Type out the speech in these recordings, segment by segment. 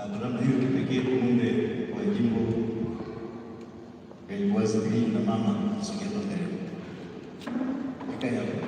na kwa namna hiyo kipekee kumbe wa jimbo yaliwazikii na mama Songea Mbele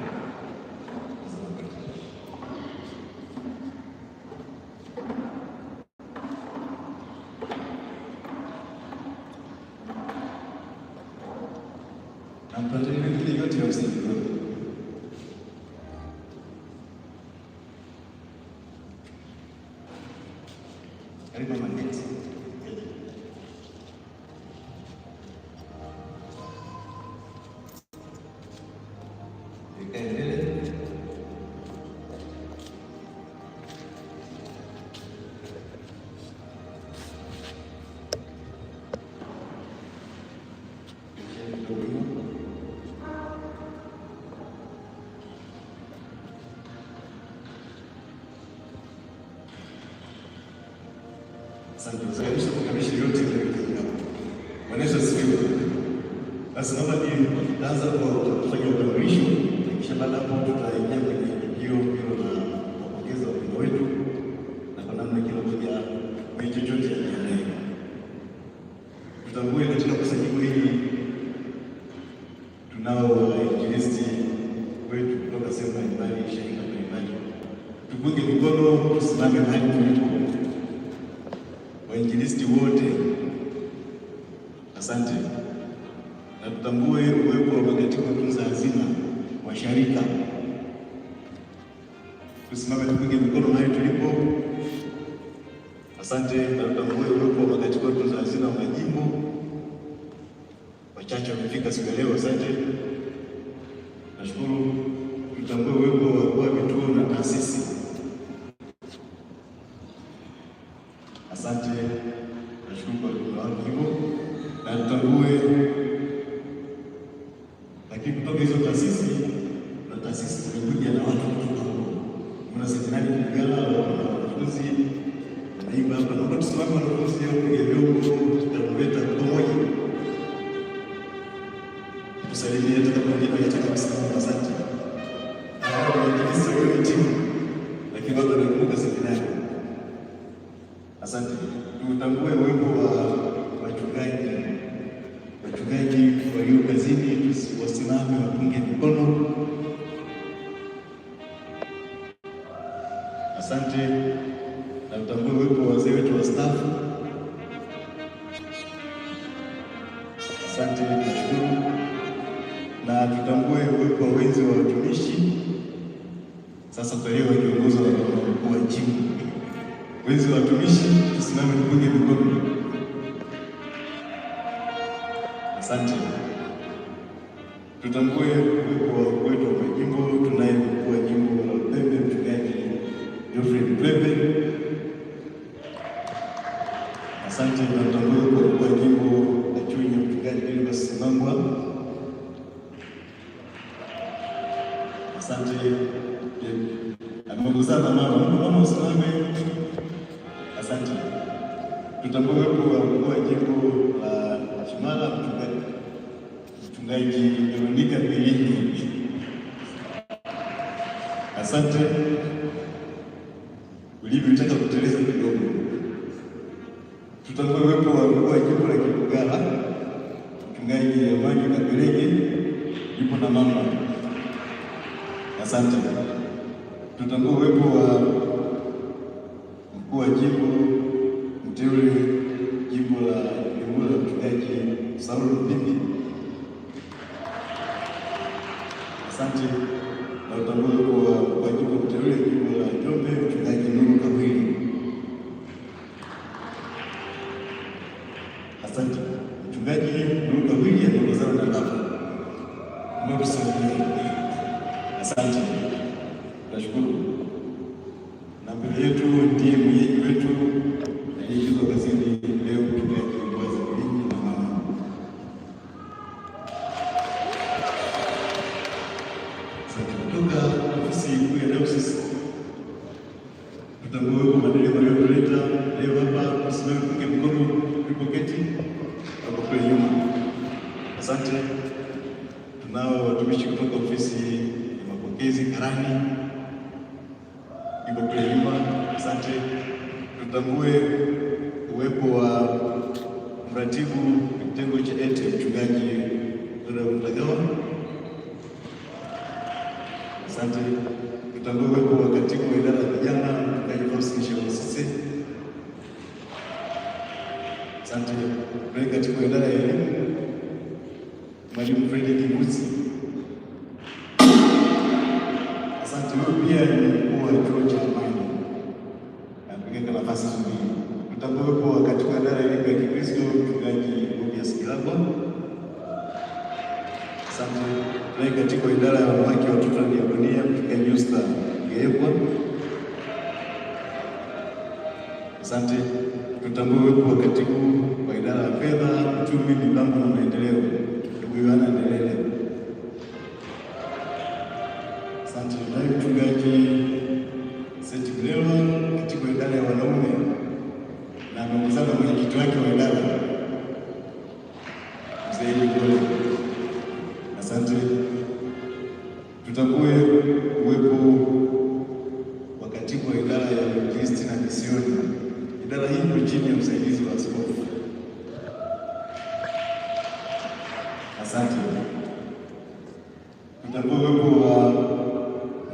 Sasa naomba tutaanza kufanya utambulisho, kisha baada hapo tutaingia kwenye tukio hilo na kuongeza upendo wetu na kwa namna kila mmoja mwenye chochote ajiandae. Tutambue katika kusanyiko hili tunao wainjilisti wetu kutoka sehemu mbalimbali, shirika mbalimbali. Tupunge mikono, tusimame mahali tulipo, wainjilisti wote, asante na tutambue uwepo wa makatibu mtunza hazina wa sharika. Tusimame tupige mikono mahali tulipo. Asante, na tutambue uwepo wa makatibu mtunza hazina wa majimbo. Wachache wamefika siku ya leo, asante, nashukuru. Tutambue uwepo tusalimie tunapokuja katika msimamo asante. Lakini bado nakumbuka seminari. Asante. Tutambue wimbo wa You. watumishi kutoka ofisi ya mapokezi karani ipo kule nyuma. Asante, tutambue uwepo wa mratibu kitengo cha ETE mchungaji Mtagawa. Asante, tutambue uwepo wa katibu wa idara ya vijana mchungaji Faustin. Asante, katibu wa idara ya elimu mwalimu Fredi Kibuzi. Sanae katika idara ya wanawake watoto na diakonia kutoka New Star Asante. Tutambue wa katibu wa idara ya fedha, uchumi, mipango na maendeleo, ndugu Yohana Ndelele. Asante. mchungaji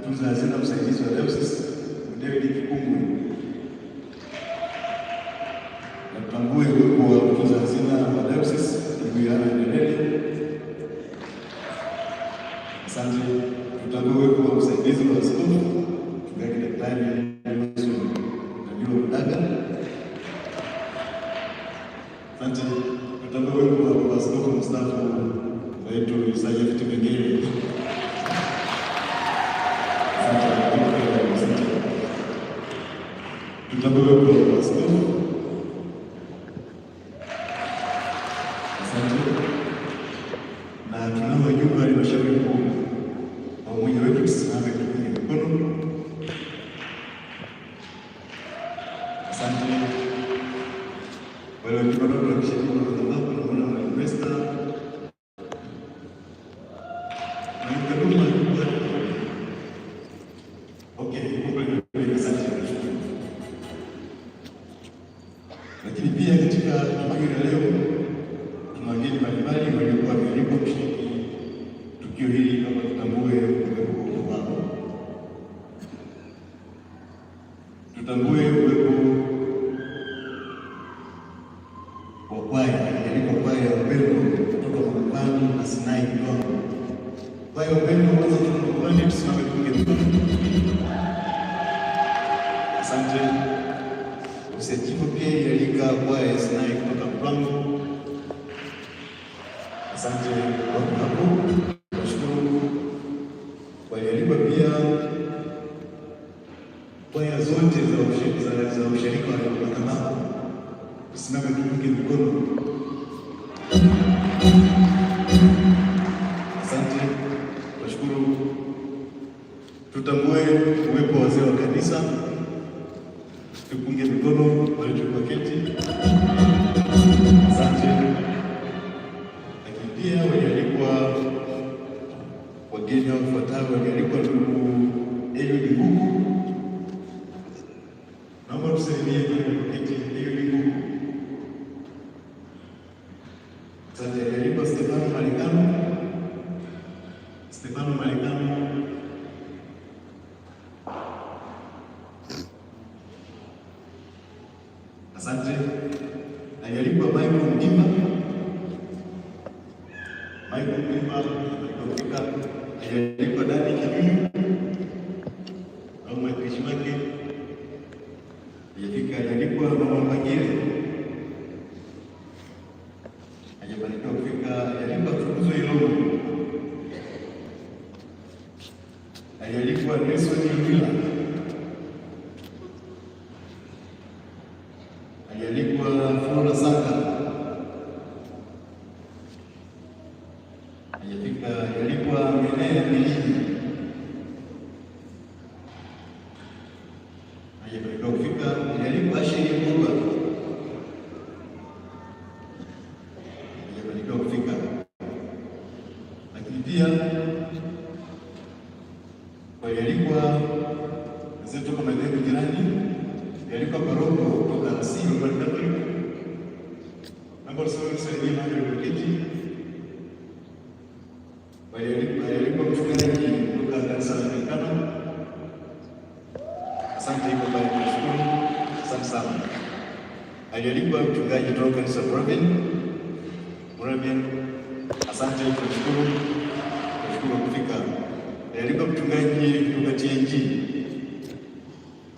Tunzo na Hazina, msaidizi wa Dayosisi David Kikungwi. Natambue uwepo wa Tunzo Hazina wa Dayosisi ndugu Yohana Ndebele Tunabeba Palestina. Asante. Na tunao wajumbe wa halmashauri kuu, na umoja wetu tusimame kwenye mkono. Asante wakunakuu, nashukuru walialikwa pia kwaya zote za ushirika wa Makambako kusimama kipunge mikono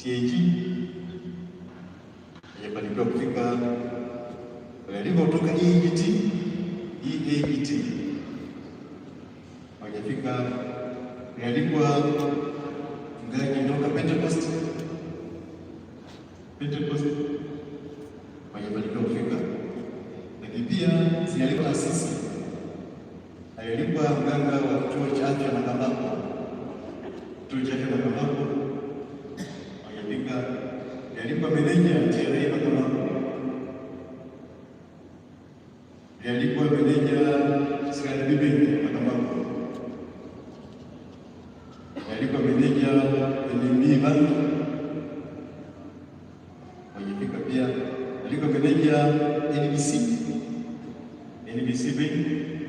TAG yamefanikiwa kufika alivyotoka EAGT EAGT hawajafika alikuwa mgaji ndoka Pentecost Pentecost hawajafanikiwa kufika, lakini pia sialikuwa mganga wa kituo cha afya na kituo cha afya na Nilimpa meneja TRA Makambako, alikuwa meneja Sirani Bibi Makambako, alikuwa meneja NMB Bank wajifika pia, alikuwa meneja NBC NBC Bank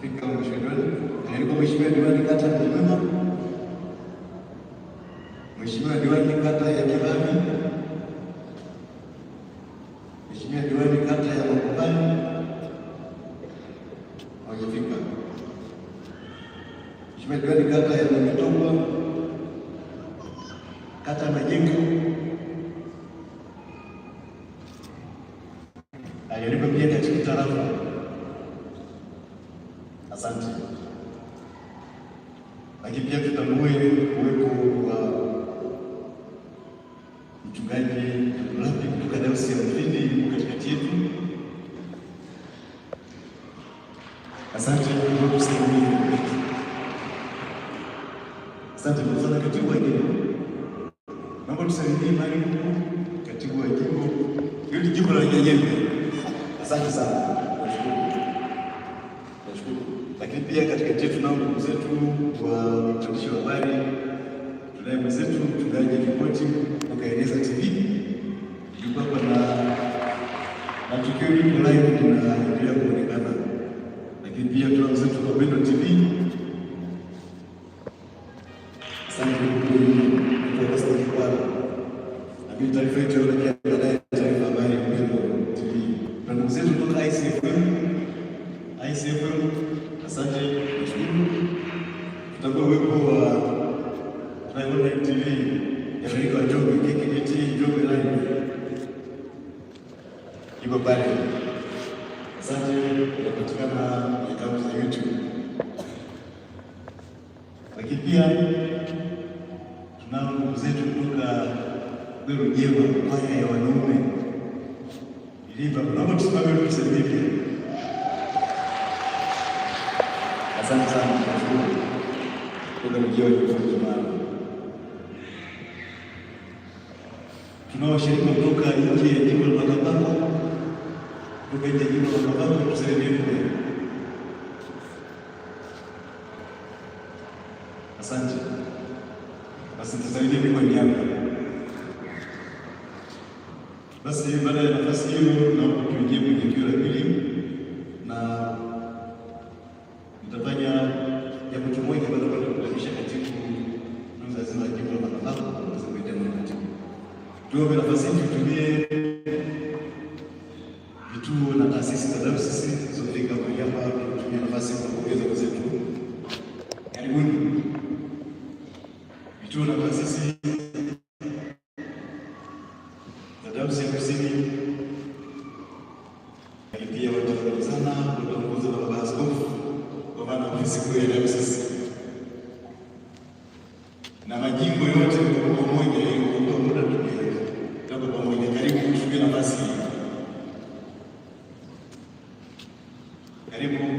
Spika, Mheshimiwa Diwani, Mheshimiwa Diwani kata ya Kimama, Mheshimiwa Diwani kata ya Kimama Asante sana katibu wa jimbo, naomba tusalimie Marimu, katibu wa jimbo, ili jimbo la Nyanyembe. Asante sana, Lakini pia katikati yetu nao ndugu zetu wa waandishi wa habari, tunaye mwenzetu mchungaji Ripoti ukaeleza TV jubakwa na na tukio lipo live linaendelea kuonekana, lakini pia tuna mwenzetu wa Mapendo TV KKKT Njombe Live iko pale. Asante, inapatikana akaunti za YouTube, lakini pia tunao ndugu zetu kutoka Berujema, kwaya ya wanaume Ilimba, naomba tusimame tusaidie pia. Asante sana, tunashukuru kutoka mji wa Njombe. na washirika kutoka nje ya jimbo la Makambako, kutoka nje ya jimbo la Makambako tusalimie Asante. Basi tusalimie kwa niaba. Basi baada ya nafasi hiyo na tuingie kwenye tukio la pili na do met de zin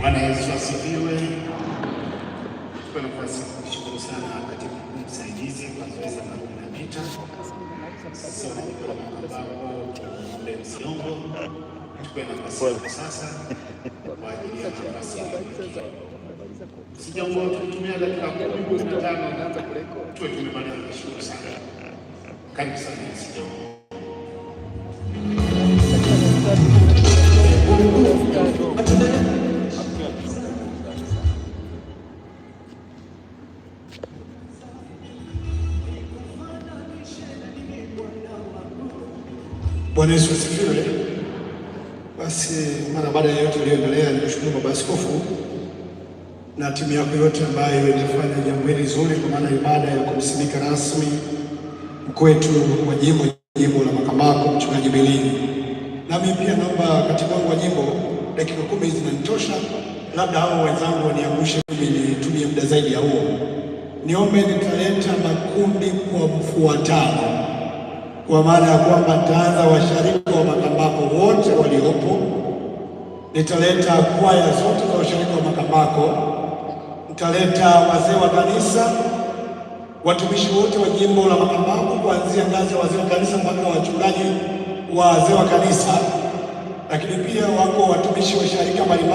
Bwana Yesu asifiwe. Kwa nafasi kushukuru sana katibu mkuu msaidizi kwa sana nafasi sasa kwa ajili ya nafasi dakika kumi kumi na tano tuwe tumemaliza. Nashukuru sana, karibu sana Bwana Yesu asifiwe. Basi mara baada ya yote iliyoendelea, nikushukuru Baba Askofu na timu yako yote ambayo inafanya jambo hili zuri, kwa maana ibada ya kumsimika rasmi kwetu wa jimbo jimbo la Makambako mchungaji Bilini. Nami pia naomba katibu wangu wa jimbo, dakika kumi zinanitosha, labda hao wenzangu waniangushe mimi nitumie muda zaidi ya huo. Niombe nitaleta makundi kwa mfuatano kwa maana ya kwamba nitaanza washirika wa makambako wote waliopo, nitaleta kwaya zote za washirika wa makambako, nitaleta wazee wa kanisa, watumishi wote wa jimbo la makambako, kuanzia ngazi ya wazee wa kanisa mpaka wachungaji, wazee wa kanisa, lakini pia wako watumishi wa sharika mbalimbali.